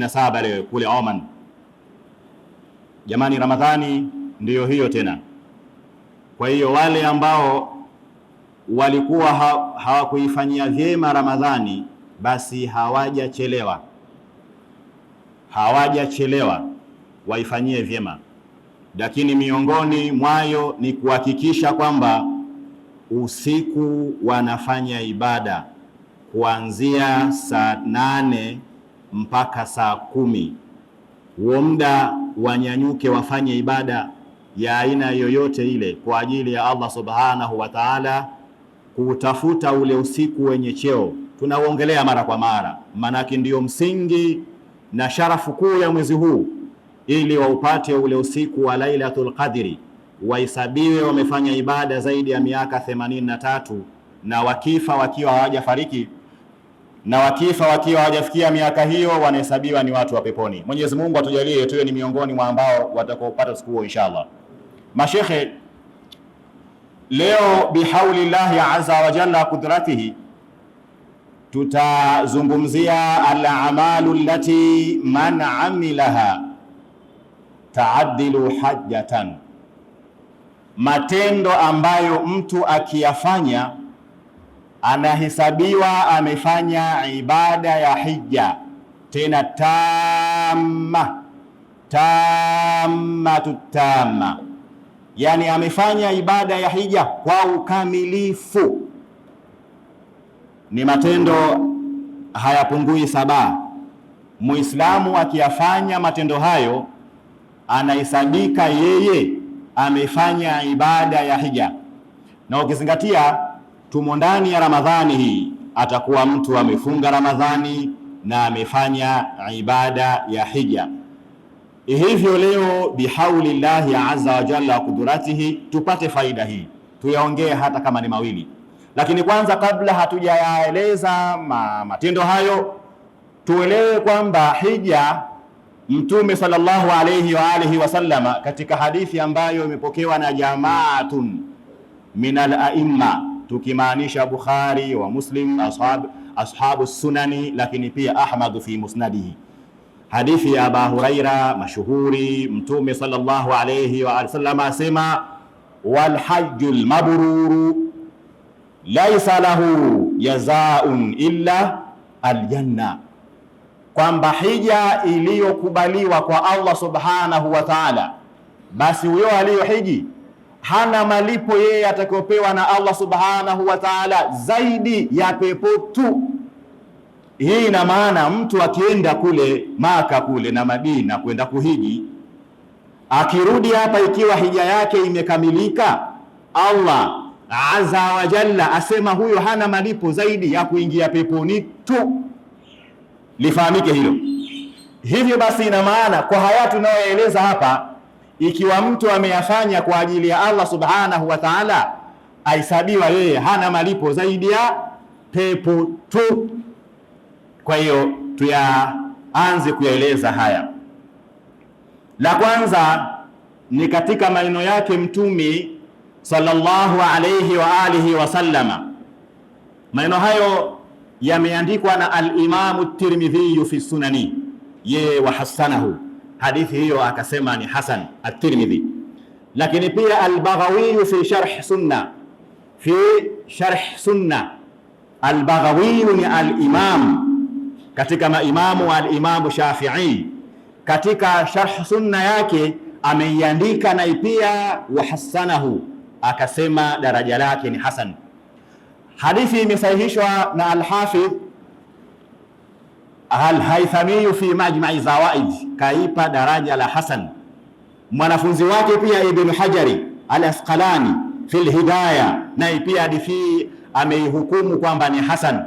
na saba leo kule Oman. Jamani, Ramadhani ndiyo hiyo tena. Kwa hiyo wale ambao walikuwa hawakuifanyia vyema Ramadhani, basi hawajachelewa, hawajachelewa waifanyie vyema, lakini miongoni mwayo ni kuhakikisha kwamba usiku wanafanya ibada kuanzia saa nane mpaka saa kumi. Huo muda wanyanyuke wafanye ibada ya aina yoyote ile kwa ajili ya Allah subhanahu wa ta'ala, kutafuta ule usiku wenye cheo. Tunauongelea mara kwa mara, maanake ndiyo msingi na sharafu kuu ya mwezi huu, ili waupate ule usiku wa Lailatul Qadri, wahesabiwe wamefanya ibada zaidi ya miaka themanini na tatu na wakifa wakiwa hawajafariki na wakifa wakiwa hawajafikia miaka hiyo wanahesabiwa ni watu wa peponi. Mwenyezi Mungu atujalie tuwe ni miongoni mwa ambao watakaopata siku hiyo inshallah. Mashekhe, leo bihaulillahi azza wa jalla qudratihi tutazungumzia alamalu allati man amilaha taadilu hajatan matendo ambayo mtu akiyafanya anahesabiwa amefanya ibada ya hija tena tamma tammatu tamma, yani amefanya ibada ya hija kwa ukamilifu. Ni matendo hayapungui saba. Muislamu akiyafanya matendo hayo anahesabika yeye amefanya ibada ya hija, na ukizingatia tumo ndani ya Ramadhani hii, atakuwa mtu amefunga Ramadhani na amefanya ibada ya hija. Hivyo leo bihauli llahi azza wa jalla wa kudratihi, tupate faida hii, tuyaongee hata kama ni mawili. Lakini kwanza, kabla hatujayaeleza ma matendo hayo, tuelewe kwamba hija, Mtume sallallahu alayhi wa alihi wasallama, katika hadithi ambayo imepokewa na jamaatun min al aimma tukimaanisha Bukhari wa Muslim, ashab, ashabu sunani, lakini pia Ahmad fi musnadihi. Hadithi ya Abu Huraira mashuhuri, Mtume sallallahu alayhi wa sallam asema, walhajjul mabruru laisa lahu jazaun illa aljanna, kwamba hija iliyokubaliwa kwa Allah subhanahu wa ta'ala, basi huyo aliyohiji hana malipo yeye atakayopewa na Allah subhanahu wa ta'ala zaidi ya pepo tu. Hii ina maana mtu akienda kule Maka kule na Madina kwenda kuhiji, akirudi hapa ikiwa hija yake imekamilika, Allah azza wa jalla asema huyo hana malipo zaidi ya kuingia peponi tu. Lifahamike hilo. Hivyo basi, ina maana kwa haya tunayoeleza hapa ikiwa mtu ameyafanya kwa ajili ya Allah subhanahu wa ta'ala, ahesabiwa yeye hana malipo zaidi ya pepo tu. Kwa hiyo tuyaanze kuyaeleza haya. La kwanza ni katika maneno yake Mtume sallallahu alayhi wa alihi wasallama. Maneno hayo yameandikwa na al at Tirmidhi fi sunani, yeye wahasanahu hadithi hiyo akasema ni hasan at-Tirmidhi. Lakini pia al fi sharh sunna, fi sharh sunna al ni al-imam katika maimamu al-Imam Shafi'i, katika sharh sunna yake ameiandika na pia wahasanahu, akasema daraja lake ni hasan. Hadithi imesahihishwa na al-Hafidh Alhaithamiyu fi majmai zawaid kaipa daraja la hasan. Mwanafunzi wake pia Ibn Hajari al Asqalani fil Hidaya naye pia hadithi ameihukumu kwamba ni hasan,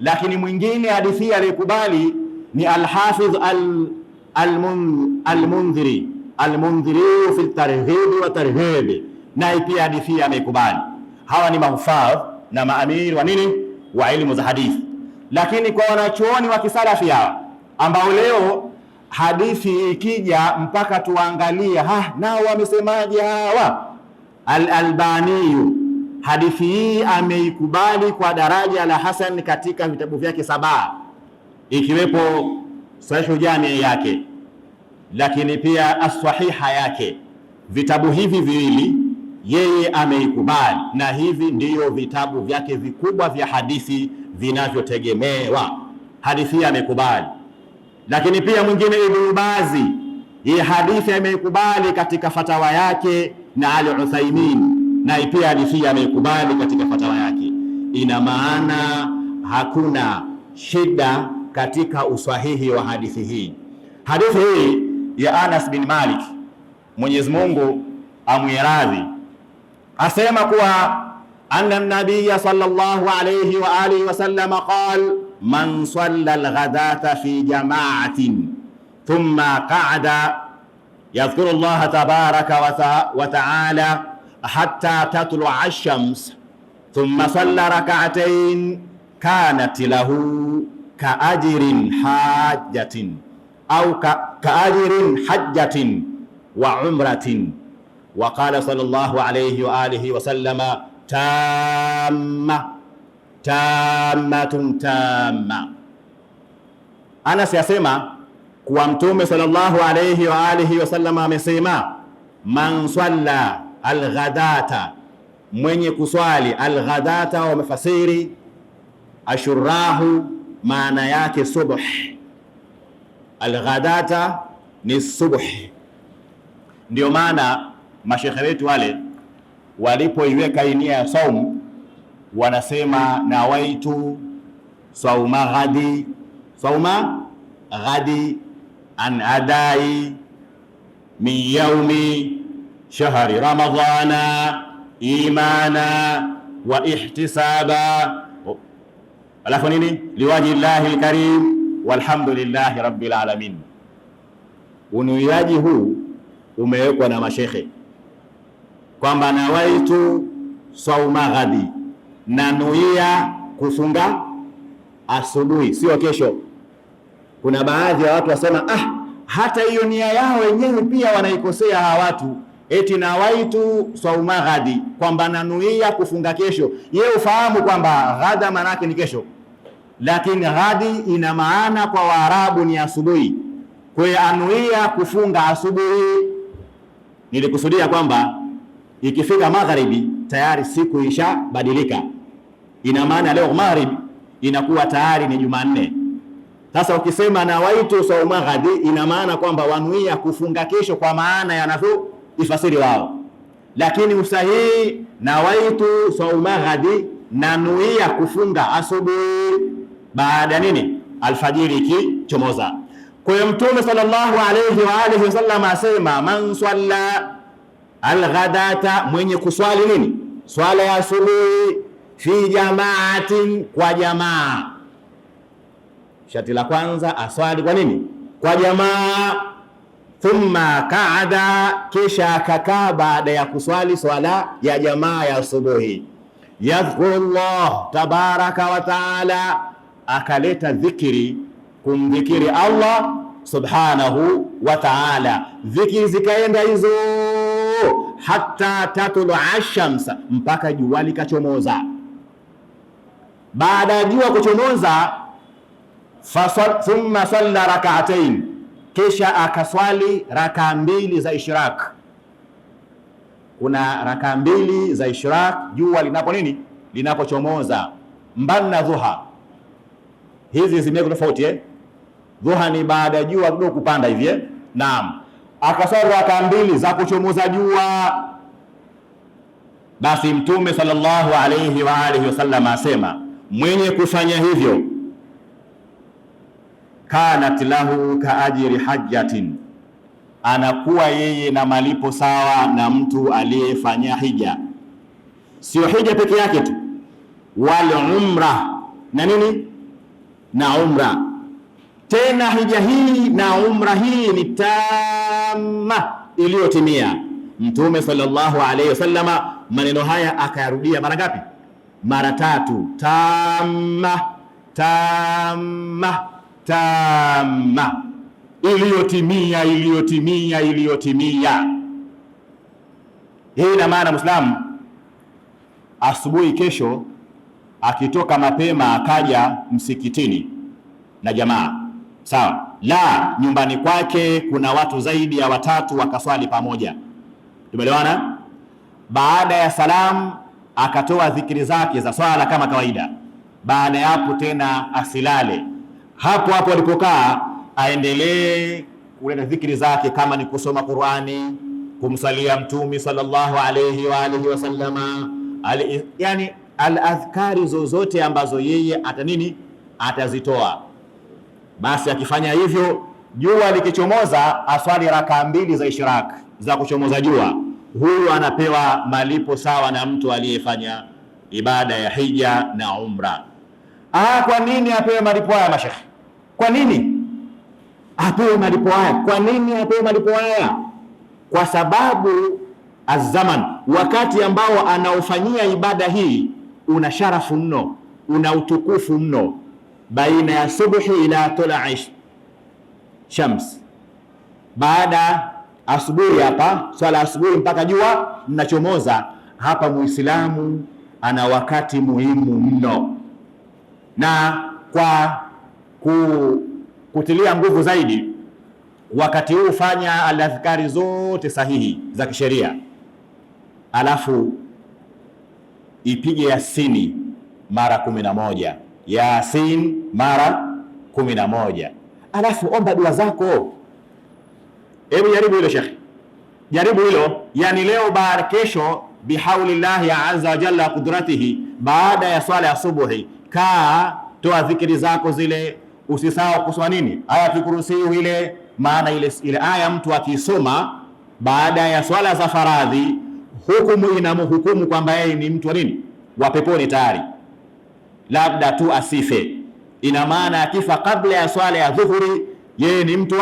lakini mwingine hadithi aliyekubali ni Alhafidh Almundhiri Almundhiri fi targhibi wa tarhibi, naye pia hadithi ameikubali. Hawa ni mahufadh na maamiri wa nini wa ilmu za hadithi. Lakini kwa wanachuoni wa kisalafi hawa ambao leo hadithi ikija mpaka tuangalia ha, nao wamesemaje hawa. Al-Albani hadithi hii ameikubali kwa daraja la hasan katika vitabu vyake saba ikiwepo Sahihu Jamii yake, lakini pia as yake. Vitabu hivi viwili yeye ameikubali, na hivi ndiyo vitabu vyake vikubwa vya hadithi vinavyotegemewa. Hadithi hii amekubali, lakini pia mwingine Ibnu Bazi hii hadithi ameikubali katika fatawa yake, na Ali Uthaimin na pia hadithi hii ameikubali katika fatawa yake. Ina maana hakuna shida katika usahihi wa hadithi hii. Hadithi hii ya Anas bin Malik, Mwenyezi Mungu amwiradhi, asema kuwa أن النبي صلى الله عليه وآله وسلم قال من صلى الغداة في جماعة ثم قعد يذكر الله تبارك وتعالى حتى تطلع الشمس ثم صلى ركعتين كانت له كأجر حاجة أو كأجر حجة وعمرة وقال صلى الله عليه وآله وسلم tama tammatun tamma. Anas yasema kuwa Mtume sallallahu alayhi wa alihi wasallam amesema, man swalla alghadata, mwenye kuswali alghadata, wa mafasiri ashurahu, maana yake subh. Alghadata ni subh, ndio maana mashekhe wetu wale walipoiweka inia ya saumu wanasema nawaitu sauma ghadi sauma ghadi an adai min yaumi shahri ramadhana imana wa ihtisaba alafu nini liwaji llahi lkarim walhamdulillahi rabbil alamin. Unuiaji huu umewekwa na mashekhe kwamba nawaitu sauma ghadi, nanuia kufunga asubuhi, sio kesho. Kuna baadhi ya watu wasema ah, hata hiyo nia yao wenyewe pia wanaikosea hawa watu, eti nawaitu sauma ghadi, kwamba nanuia kufunga kesho. Ye ufahamu kwamba ghada maanake ni kesho, lakini ghadi ina maana kwa Waarabu ni asubuhi. Kwa anuia kufunga asubuhi, nilikusudia kwamba Ikifika magharibi tayari siku ishabadilika, ina maana leo magharibi inakuwa tayari ni Jumanne. Sasa ukisema nawaitu sauma ina maana kwamba wanuia kufunga kesho, kwa maana ifasiri wao, lakini usahihi nawaitu sauma nanuia kufunga asubuhi baada nini, alfajiri ikichomoza. Kwa hiyo Mtume sallallahu alayhi wa alihi wasallam asema man swalla alghadata, mwenye kuswali nini swala ya asubuhi, fi jamaatin, kwa jamaa. Shati la kwanza aswali kwa nini? Kwa jamaa. Thumma kaada, kisha akakaa baada ya kuswali swala ya jamaa ya asubuhi. Yadhkuru llah tabaraka wa taala, akaleta dhikiri, kumdhikiri Allah subhanahu wa taala. Dhikiri zikaenda hizo hatta tatulu ashamsa, mpaka jua likachomoza. Baada ya jua kuchomoza, thumma salla rak'atayn, kisha akaswali raka mbili za ishraq. Kuna raka mbili za ishraq jua linapo nini, linapochomoza, mbali na dhuha. Hizi zimeko tofauti eh? Dhuha ni baada ya jua kidogo kupanda hivi eh? Naam akaswali raka mbili za kuchomoza jua. Basi Mtume sallallahu alayhi wa alihi wasallam asema, mwenye kufanya hivyo kanat lahu kaajiri hajjatin, anakuwa yeye na malipo sawa na mtu aliyefanya hija. Sio hija peke yake tu, wal umra na nini na umra tena. Hija hii na umra hii ni taa tamma iliyotimia. Mtume sallallahu alayhi wasallama maneno haya akayarudia mara ngapi? Mara tatu. Tamma, tamma, tamma, iliyotimia, iliyotimia, iliyotimia. Hii ina maana Muislamu asubuhi kesho akitoka mapema akaja msikitini na jamaa, sawa la nyumbani kwake kuna watu zaidi ya watatu wakaswali pamoja. Tumeelewana? Baada ya salamu akatoa dhikiri zake za swala kama kawaida. Baada ya hapo tena asilale hapo hapo alipokaa, aendelee kuleta dhikiri zake, kama ni kusoma Qur'ani, kumsalia Mtume sallallahu alayhi wa alihi wasallama, yani al-adhkari zozote ambazo yeye ata nini atazitoa basi akifanya hivyo, jua likichomoza aswali rakaa mbili za ishrak za kuchomoza jua, huyu anapewa malipo sawa na mtu aliyefanya ibada ya hija na umra. Ah, kwa nini apewe malipo haya mashekhe? Kwa nini apewe malipo haya? Kwa nini apewe malipo haya? Kwa sababu azaman, wakati ambao anaofanyia ibada hii una sharafu mno, una utukufu mno baina ya subuhi ila tula'i shams, baada asubuhi hapa swala asubuhi mpaka jua linachomoza. Hapa muislamu ana wakati muhimu mno, na kwa ku, kutilia nguvu zaidi wakati huu fanya aladhkari zote sahihi za kisheria, alafu ipige Yasini mara kumi na moja. Yasin mara kumi na moja alafu omba dua zako. Hebu jaribu hilo shekhi, jaribu hilo yani leo baada kesho, bihaulillahi azza wa jalla baada ya swala ya subuhi, kaa toa dhikiri zako zile, usisahau kusoma nini, ayatul kursi ile. Maana ile ile aya mtu akisoma baada ya swala za faradhi, hukumu inamhukumu kwamba yeye ni mtu wa nini, wa peponi tayari labda tu asife. Ina maana akifa kabla ya swala ya dhuhuri, yeye ni mtu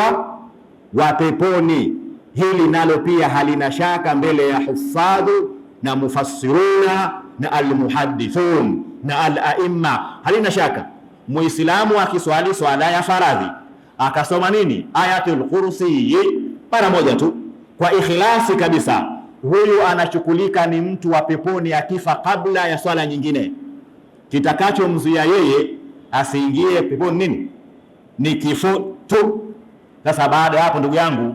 wa peponi. Hili nalo pia halina shaka mbele ya hufadhu na mufassiruna na almuhadithun na alaimma, halina shaka. Muislamu akiswali swala ya faradhi akasoma nini, ayatul kursi mara moja tu kwa ikhlasi kabisa, huyu anachukulika ni mtu wa peponi akifa kabla ya swala nyingine kitakachomzuia yeye asiingie peponi nini? Ni kifo tu. Sasa baada ya hapo, ndugu yangu,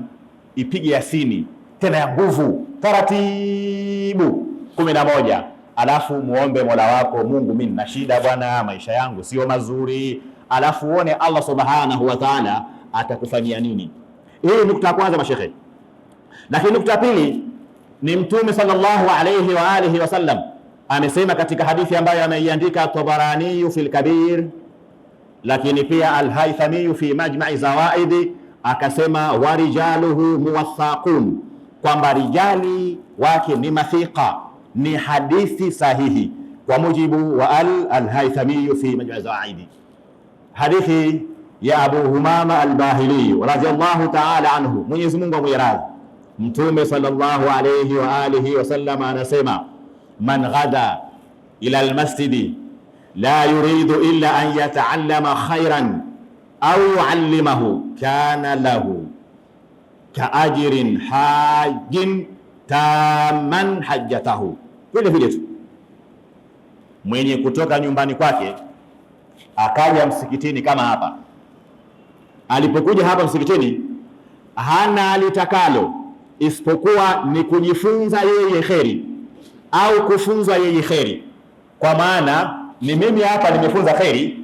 ipige Yasini tena ya nguvu taratibu kumi na moja alafu muombe Mola wako Mungu, mimi nina shida bwana, maisha yangu sio mazuri, alafu uone Allah subhanahu wa ta'ala atakufanyia nini. Hii nukta ya kwanza mashehe, lakini nukta pili ni Mtume sallallahu alayhi wa alihi wasallam amesema katika hadithi ambayo ameiandika Tabarani fi lkabir, lakini pia Alhaithami fi majma'i zawaidi akasema warijaluhu muwathaqun, kwamba rijali wake ni mathiqa, ni hadithi sahihi kwa mujibu wa al Alhaithami fi majma'i zawaidi, hadithi ya Abu Humama Albahili radhiyallahu ta'ala anhu, Mwenyezi Mungu amwiradhi. Mtume sallallahu alayhi wa alihi wasallam anasema man ghada ila almasjidi la yuridu illa an yataallama khairan au yuallimahu kana lahu kaajirin hajin taman hajjatahu, vile vile tu mwenye kutoka nyumbani kwake akaja msikitini kama hapa. Alipokuja hapa msikitini, hana alitakalo isipokuwa ni kujifunza yeye kheri au kufunzwa yeye kheri, kwa maana ni mimi hapa nimefunza kheri,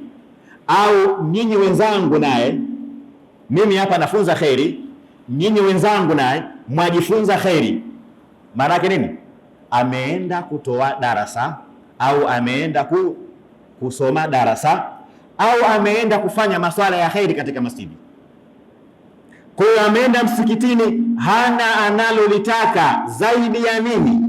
au nyinyi wenzangu naye, mimi hapa nafunza kheri, nyinyi wenzangu naye mwajifunza kheri. Maana yake nini? Ameenda kutoa darasa au ameenda ku, kusoma darasa au ameenda kufanya maswala ya kheri katika masjidi. Kwa hiyo ameenda msikitini, hana analolitaka zaidi ya nini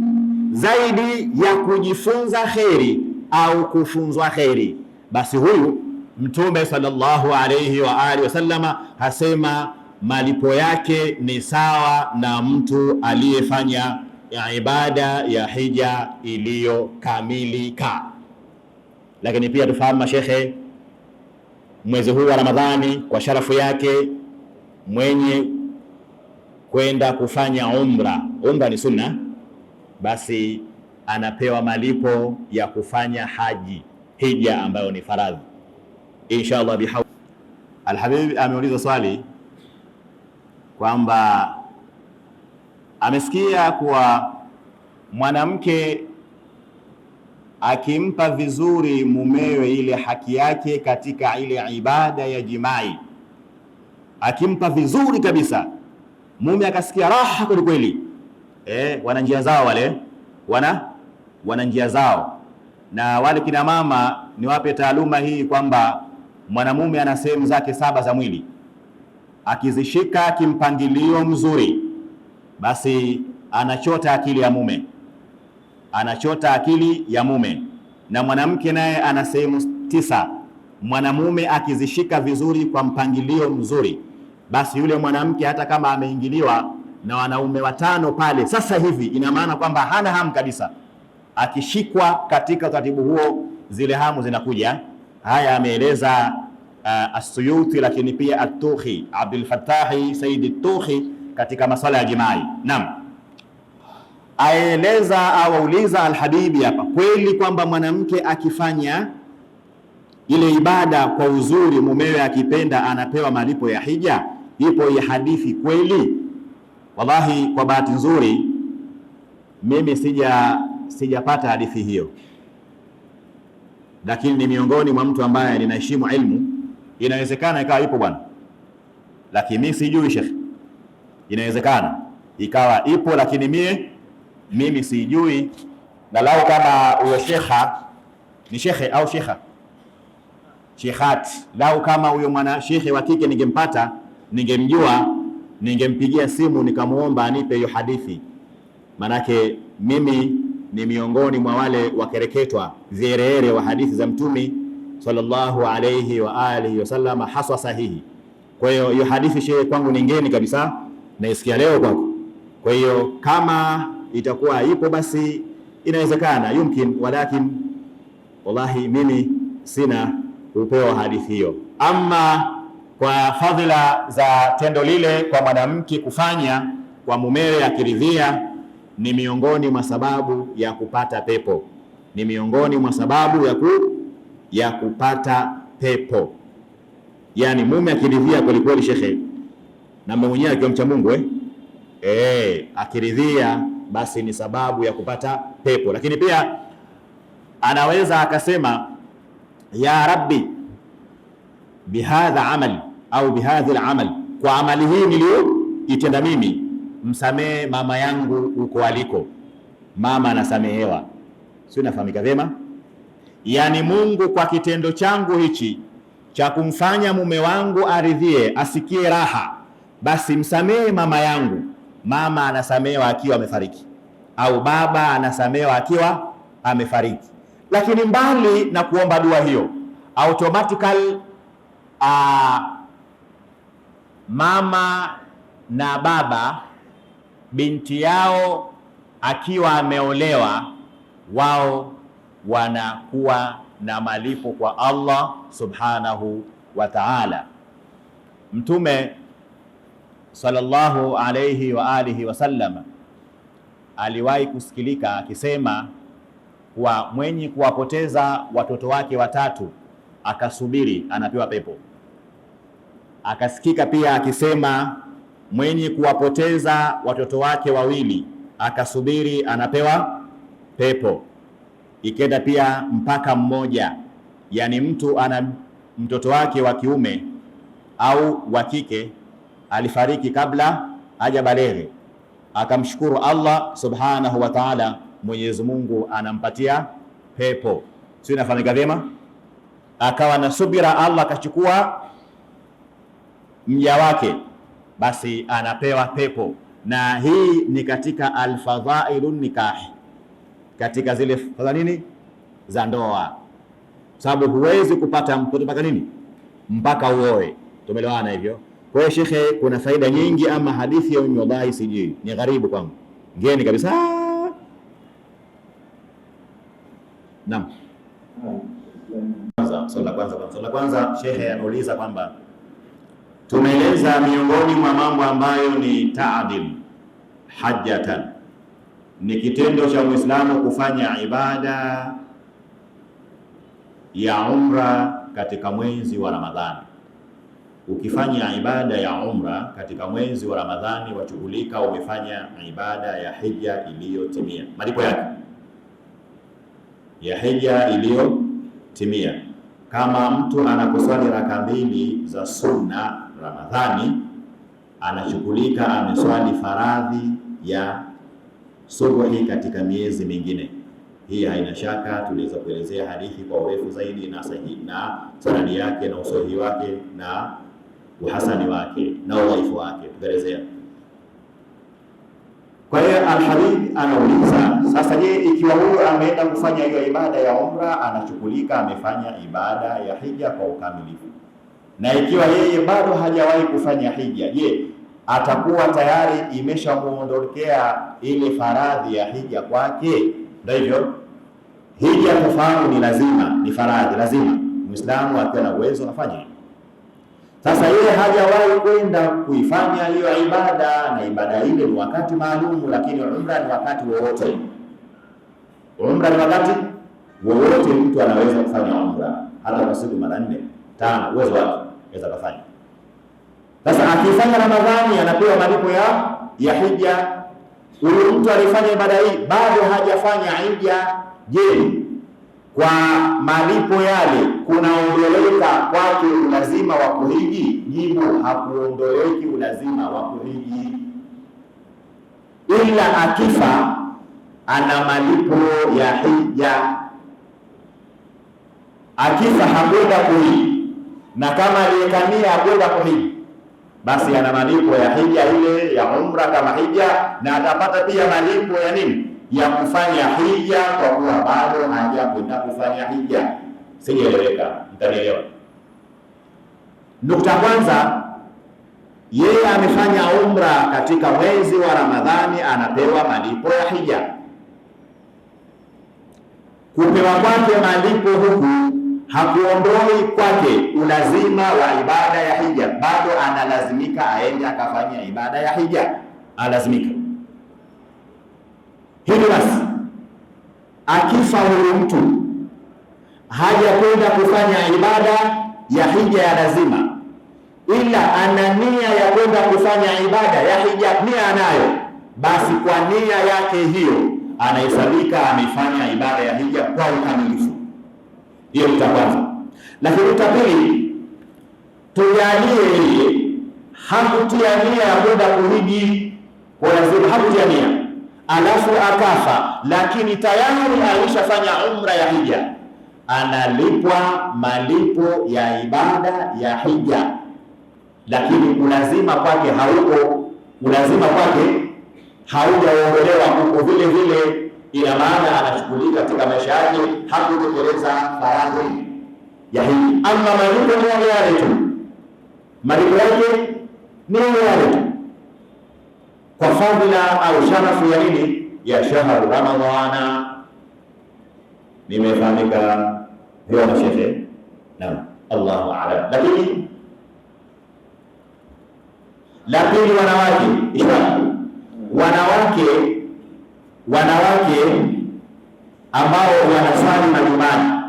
zaidi ya kujifunza kheri au kufunzwa kheri, basi huyu Mtume sallallahu alayhi wa alihi wasallama hasema malipo yake ni sawa na mtu aliyefanya ya ibada ya hija iliyokamilika. Lakini pia tufahamu mashekhe, mwezi huu wa Ramadhani kwa sharafu yake mwenye kwenda kufanya umra, umra ni sunna basi anapewa malipo ya kufanya haji hija ambayo ni faradhi inshallah Allah bihaw. Alhabibi ameuliza swali kwamba amesikia kuwa mwanamke akimpa vizuri mumewe ile haki yake katika ile ibada ya jimai, akimpa vizuri kabisa, mume akasikia raha kwelikweli kweli eh, wana njia zao wale, wana wana njia zao. Na wale kina mama niwape taaluma hii kwamba mwanamume ana sehemu zake saba za mwili, akizishika kimpangilio mzuri, basi anachota akili ya mume, anachota akili ya mume. Na mwanamke naye ana sehemu tisa, mwanamume akizishika vizuri kwa mpangilio mzuri, basi yule mwanamke hata kama ameingiliwa na wanaume watano pale sasa hivi, ina maana kwamba hana hamu kabisa. Akishikwa katika utaratibu huo, zile hamu zinakuja. Haya ameeleza uh, Asuyuti, lakini pia atuhi Abdul Fatahi Saidi Tukhi katika maswala ya jimai. Naam, aeleza awauliza Alhabibi hapa kweli kwamba mwanamke akifanya ile ibada kwa uzuri, mumewe akipenda, anapewa malipo ya hija. Ipo hii hadithi kweli? Wallahi, kwa bahati nzuri mimi sija sijapata hadithi hiyo, lakini ni miongoni mwa mtu ambaye ninaheshimu ilmu. Inawezekana ikawa ipo bwana, lakini mimi sijui shekhi. Inawezekana ikawa ipo, lakini mie mimi sijui, na lau kama huyo shekha ni shekhe au shekha shekhat, lau kama huyo mwana shekhe wa kike ningempata, ningemjua ningempigia simu nikamwomba anipe hiyo hadithi, manake mimi ni miongoni mwa wale wakereketwa zereere wa hadithi za Mtume sallallahu alayhi wa alihi wasallam, haswa sahihi. Kwa hiyo hiyo hadithi shehe, kwangu ni ngeni kabisa, naisikia leo kwako. Kwa hiyo kama itakuwa ipo basi inawezekana yumkin, walakin wallahi mimi sina upewa hadithi hiyo ama kwa fadhila za tendo lile kwa mwanamke kufanya kwa mumewe akiridhia, ni miongoni mwa sababu ya kupata pepo, ni miongoni mwa sababu ya, ku, ya kupata pepo. yani mume akiridhia kwelikweli, shekhe, na mume mwenyewe akiwa mcha Mungu eh? E, akiridhia basi ni sababu ya kupata pepo, lakini pia anaweza akasema ya rabbi bihadha amali au bihadhi al-amal, kwa amali hii itenda mimi, msamehe mama yangu uko aliko. Mama anasamehewa, sio? Nafahamika vyema. Yaani Mungu kwa kitendo changu hichi cha kumfanya mume wangu aridhie, asikie raha, basi msamehe mama yangu. Mama anasamehewa akiwa amefariki, au baba anasamehewa akiwa amefariki. Lakini mbali na kuomba dua hiyo automatically uh, mama na baba binti yao akiwa ameolewa, wao wanakuwa na malipo kwa Allah subhanahu wa ta'ala. Mtume sallallahu alayhi wa alihi wasallam aliwahi kusikilika akisema kuwa mwenye kuwapoteza watoto wake watatu akasubiri anapewa pepo. Akasikika pia akisema mwenye kuwapoteza watoto wake wawili akasubiri anapewa pepo, ikenda pia mpaka mmoja. Yani mtu ana mtoto wake wa kiume au wa kike alifariki kabla hajabaleghe, akamshukuru Allah subhanahu wa ta'ala, Mwenyezi Mungu anampatia pepo, sio inafanyika vyema, akawa na subira, Allah akachukua mja wake, basi anapewa pepo, na hii ni katika alfadhailu nikahi, katika zile fadha nini za ndoa, sababu huwezi kupata mtoto mpaka nini, mpaka uoe. Tumelewana hivyo? Kwa hiyo shekhe, kuna faida nyingi, ama hadithi ya wallahi, sijui ni gharibu kwangu, ngeni kabisa. Naam, ah, swali la kwanza, swali la kwanza, shekhe anauliza kwamba Tumeeleza miongoni mwa mambo ambayo ni ta'dil hajjatan, ni kitendo cha Muislamu kufanya ibada ya umra katika mwezi wa Ramadhani. Ukifanya ibada ya umra katika mwezi wa Ramadhani wachughulika, umefanya ibada ya hija iliyotimia. Malipo yake ya hija iliyotimia, kama mtu anaposwali raka mbili za sunna Ramadhani anashughulika, ameswali faradhi ya subuhi katika miezi mingine. Hii haina shaka, tuliweza kuelezea hadithi kwa urefu zaidi na sahihi na sanadi yake na usahihi wake na uhasani wake na udhaifu wake tukaelezea. Kwa hiyo Alhabib anauliza sasa, je, ikiwa huyu ameenda kufanya hiyo ibada ya umra, anashughulika amefanya ibada ya hija kwa ukamilifu na ikiwa yeye bado hajawahi kufanya hija, je, atakuwa tayari imeshamuondokea ile faradhi ya hija kwake? Ndio hivyo, hija kufahamu ni lazima, ni faradhi lazima, muislamu akiwa na uwezo anafanya. Sasa yeye hajawahi kwenda kuifanya hiyo ibada, na ibada ile ni wakati maalumu, lakini umra ni wakati wowote. Umra ni wakati wowote, mtu anaweza kufanya umra hata kwa siku mara nne tano, uwezo wake Aweza kufanya. Sasa akifanya Ramadhani anapewa malipo ya ya hija. Huyu mtu alifanya ibada hii bado hajafanya hija, je, kwa malipo yale kunaondoleka kwake ulazima wa kuhiji? Jibu, hakuondoleki ulazima wa kuhiji, ila akifa ana malipo ya hija. Akifa hakwenda kuhiji na kama aliyekania kwenda kuhiji basi ana malipo ya hija ile ya umra kama hija, na atapata pia malipo ya nini, ya kufanya hija, kwa kuwa bado hajakwenda kufanya hija. Sijaeleweka? Mtanielewa. Nukta kwanza, yeye amefanya umra katika mwezi wa Ramadhani, anapewa malipo ya hija. Kupewa kwake malipo huku hakuondoi kwake ulazima wa ibada ya hija, bado analazimika aende akafanya ibada ya hija, alazimika. hivi. basi, akifa huyu mtu hajakwenda kufanya ibada ya hija ya lazima, ila ana nia ya kwenda kufanya ibada ya hija, nia anayo, basi kwa nia yake hiyo anahesabika amefanya ibada ya hija kwa ukamilifu. Hiyo nukta kwanza. Lakini nukta pili, tujalie yeye hakutia nia ya kwenda kuhiji kwa lazima, hakutia nia alafu akafa, lakini tayari alishafanya umra ya hija, analipwa malipo ya ibada ya hija, lakini ulazima kwake hauko, kulazima kwake haujaongelewa huko vile vile ina maana anashughulika katika maisha yake, hakutekeleza faradhi ya hiji. Ama malipo ni yale yale tu, malipo yake ni yale yale tu, kwa fadhila au sharafu ya nini? Ya shahru Ramadhana. Nimefahamika hiyo shehe? Naam, Allahu a'lam. Lakini la pili, wanawake wanawake wanawake ambao wanasali majumbani.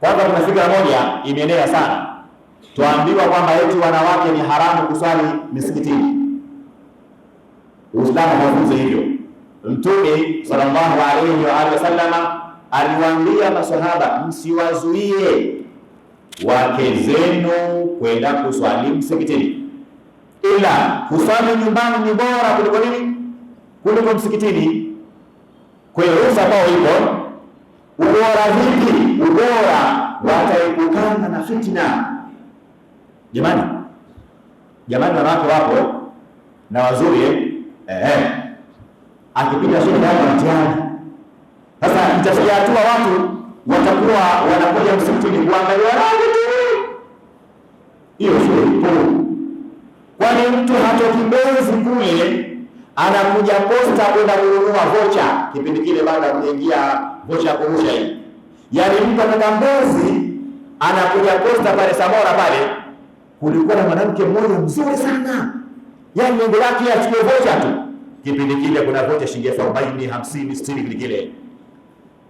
Kwanza kuna fikra moja imeenea sana, twaambiwa kwamba eti wanawake ni haramu kuswali misikitini. Uislamu haufunzi hivyo. Mtume sallallahu alayhi wa alihi wasallam aliwaambia maswahaba, msiwazuie wake zenu kwenda kuswali msikitini, ila kuswali nyumbani ni bora kuliko nini? Kuliko msikitini kwenye ruhusa ambayo ipo ubora vipi? Ubora wataepukana na fitina. Jamani, jamani, wanawake wapo na wazuri eh, eh. Akipiga sura ya mtihani. Sasa itafikia hatua watu watakuwa wanakuja msikitini kuangalia rangi tu. Hiyo sio ipo, kwani mtu hatoki kule anakuja posta kwenda kununua vocha. Kipindi kile baada ya kuingia vocha kurusha hii, yaani mtu anataka mbuzi, anakuja posta pale Samora pale, kulikuwa na mwanamke mmoja mzuri sana, yaani lengo lake achukue vocha tu. Kipindi kile kuna vocha shilingi elfu arobaini hamsini sitini kile kile,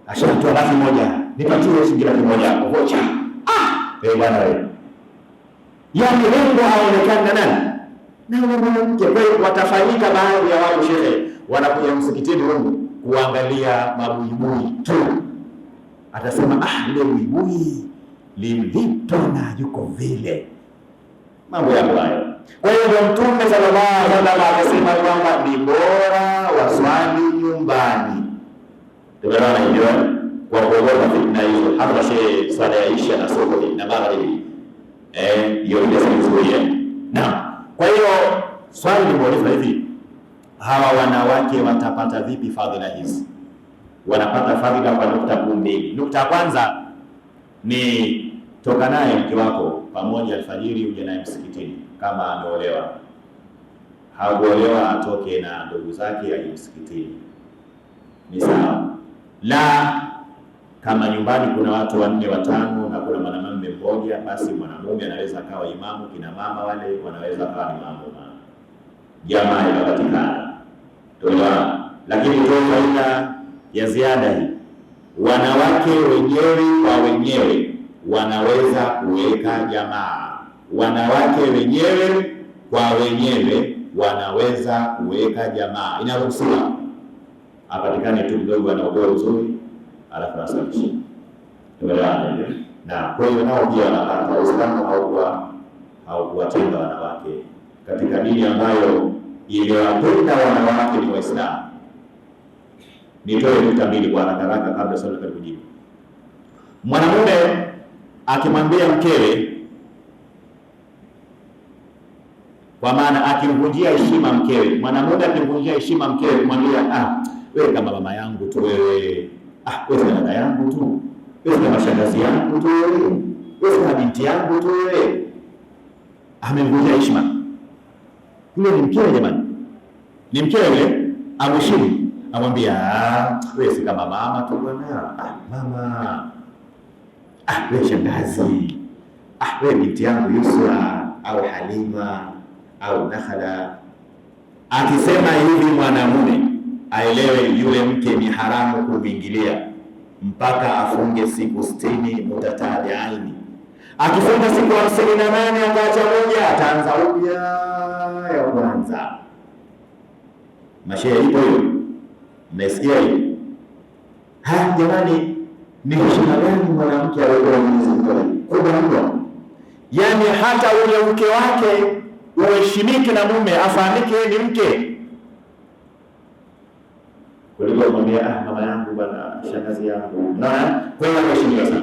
ashatoa laki moja, nipatie shilingi laki moja vocha. Ah, eh bwana wewe, yaani lengo haonekani na nani na mwanamke. Kwa hiyo watafanyika baadhi ya wao shehe, wanakuja msikitini humu kuangalia mabuibui tu, atasema ah, ile buibui lilito na yuko vile mambo ya mbaya. Kwa hiyo ndio Mtume sallallahu alaihi wasallam akasema kwamba ni bora waswali nyumbani, tumeona eh? kwa kuogopa fitna hizo. Hata shehe, swala ya isha na soko na magharibi, eh, yote yasizuie. Eh? Naam. Kwa hiyo swali limeulizwa hivi, hawa wanawake watapata vipi fadhila hizi? Wanapata fadhila kwa nukta kuu mbili. Nukta kwanza ni toka naye mke wako pamoja alfajiri, uje naye msikitini kama ameolewa. Hakuolewa atoke na ndugu zake aje msikitini, ni sawa la kama nyumbani kuna watu wanne watano na kuna mwanamume mmoja, basi mwanamume anaweza akawa imamu, kina mama wale wanaweza akawa imamu jamaa inapatikana toa. Lakini toe faida ya ziada hii, wanawake wenyewe kwa wenyewe wanaweza kuweka jamaa. Wanawake wenyewe kwa wenyewe wanaweza kuweka jamaa, inaruhusiwa. Apatikane tu mdogo anaogoa uzuri alafu nasafisha. Umeelewana hivyo? Na kwa hiyo nao pia wanapata. Waislamu haukuwa haukuwatenga wanawake katika dini ambayo imewapenda wanawake ni Waislamu. Nitoe nukta mbili kwa haraka haraka kabla sasa kujibu. Mwanamume akimwambia mkewe, kwa maana akimvunjia heshima mkewe, mwanamume akimvunjia heshima mkewe, kumwambia ah, wewe kama mama yangu tu wewe Ah, wewe ni dada yangu tu, wewe ni mashangazi yangu tu, wewe ni binti yangu tu, wewe ah, amemvunjia heshima yule. Ni mkewe jamani, ni mkewe yule, amheshimu amwambia, ah, wewe si kama mama tu bwana. Ah, mama ah, wewe shangazi ah, wewe binti yangu Yusra au Halima au Nakhala. Akisema hivi mwanamume aelewe yule mke ni haramu kuvingilia mpaka afunge siku sitini mutatabiaini. Akifunga siku hamsini na nane akaacha moja, ataanza upya ya kwanza. Mashia ipo hiyo, mnaisikia hiyo? Ha, jamani, ni heshima gani mwanamke awekwa Mwenyezi Mungu kubwa mno? Yaani hata ule mke wake uheshimike na mume afahamike ni mke kuliko kumwambia ah, mama yangu bwana, shangazi yangu. na kwa kuheshimiwa sana.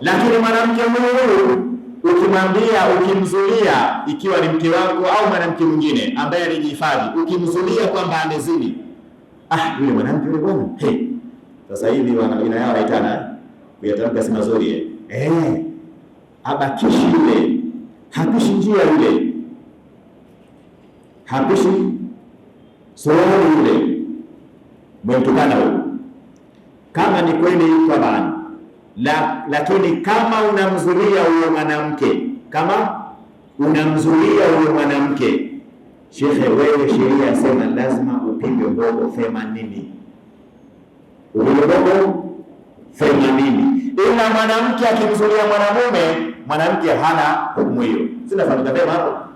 Lakini mwanamke huyu ukimwambia, ukimzulia, ikiwa ni mke wako au mwanamke mwingine ambaye alijihifadhi, ukimzulia kwamba amezini, ah, yule mwanamke yule bwana, he, sasa hivi wana jina yao wanaitana kuyatamka si mazuri eh, eh abakishi yule, hapishi njia yule, hapishi suruali yule umetukana huyu, kama ni kweli tabani la, lakini kama unamzulia huyo mwanamke, kama unamzulia huyo mwanamke, shekhe, wewe sheria sema lazima upige bobo themanini, upige bobo themanini. Ila mwanamke akimzulia mwanamume, mwanamke hana hukumu hiyo. Sinafahamika vyema hapo.